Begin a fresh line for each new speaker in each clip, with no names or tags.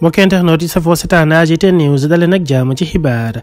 mbokk internet yi safoo setaan AGT news daleen ak jàmm ci xibaar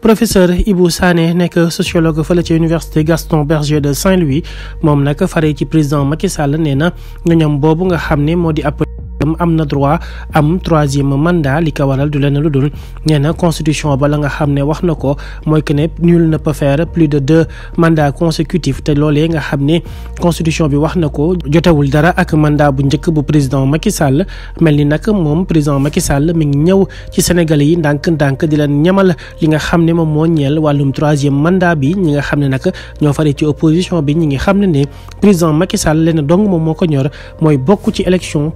professeur Ibou Sané nekk sociologue fële ci université Gaston Berger de Saint-Louis moom nag fare ci président Macky Sall nee na ñoñam boobu nga xam ne moo di ab am am na droit am troisième mandat li ko waral du leen lu dul nee na constitution ba la nga xam ne wax na ko mooy que ne nul ne peut faire plus de deux mandats consécutifs te loolee nga xam ne constitution bi wax na ko jotewul dara ak mandat bu njëkk bu président Macky Sall mel ni nag moom président Macky Sall mi ngi ñëw ci Sénégal yi ndànk-ndànk di leen ñamal li nga xam ne moom moo ñeel wàllum troisième mandat bi ñi nga xam ne nag ñoo fare ci opposition bi ñi ngi xam ne ne président Macky Sall leen dong moom moo ko ñor mooy bokk ci élection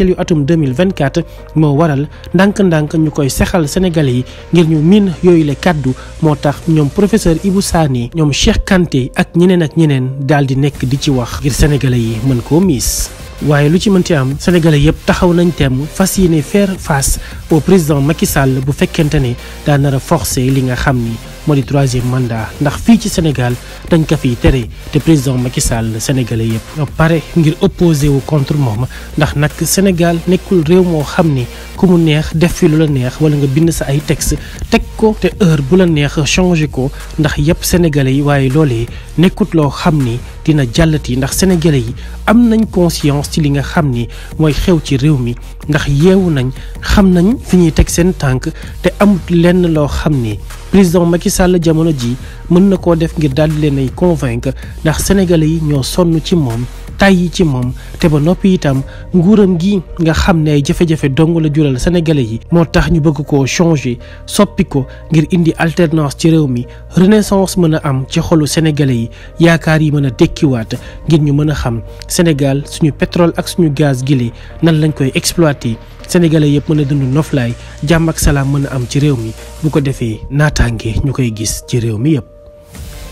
présidentielle yu atum 2024 moo waral ndànk-ndànk ñu koy sexal sénégalais yi ngir ñu miin yooyu le kàddu moo tax ñoom professeur Ibou Sani ñoom Cheikh Kanté ak ñeneen ak ñeneen daal di nekk di ci wax ngir sénégalais yi mën koo miis waaye lu ci mënti am sénégalais yëpp taxaw nañ temm fas yéene faire face au président Macky Sall bu fekkente ne daa nar li nga xam ni moo di troisième mandat ndax fii ci Sénégal dañ ko fiy tere te président Macky Sall sénégalais yëpp pare ngir opposé wu contre moom ndax nag Sénégal nekkul réew moo xam ni. ku mu neex def fi lu la neex wala nga bind sa ay teg teg ko te heure bu la neex changé ko ndax yëpp sénégalais yi waaye loole nekkut loo xam ni dina jàllati ndax sénégalais yi am nañ conscience ci li nga xam ni mooy xew ci réew mi ndax yeewu nañ xam nañ fi ñuy teg seen tànk te amut lenn loo xam ni président Macky Sall jamono ji mën na koo def ngir daal di leen ay convaincre ndax sénégalais yi ñoo sonn ci moom tàyyi ci moom te ba noppi itam nguuram gi nga xam ne ay jafe-jafe dong la jural sénégalais yi moo tax ñu bëgg ko changer soppi ko ngir indi alternance ci réew mi renaissance mën a am ci xolu sénégalais yi yaakaar yi mën a tekkiwaat ngir ñu mën a xam Sénégal suñu pétrole ak suñu gaz gile nan lañ koy exploiter sénégalais yëpp mën a dund noflaay jàmm ak salaam mën a am ci réew mi bu ko defee naataange ñu koy gis ci réew mi yëpp.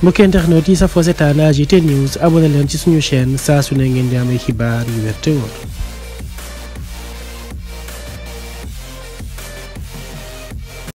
mbokki internet yi safoo seetaan AGT news a leen ci suñu chaîne saa su ne ngeen di amee xibaar yu wér te wóor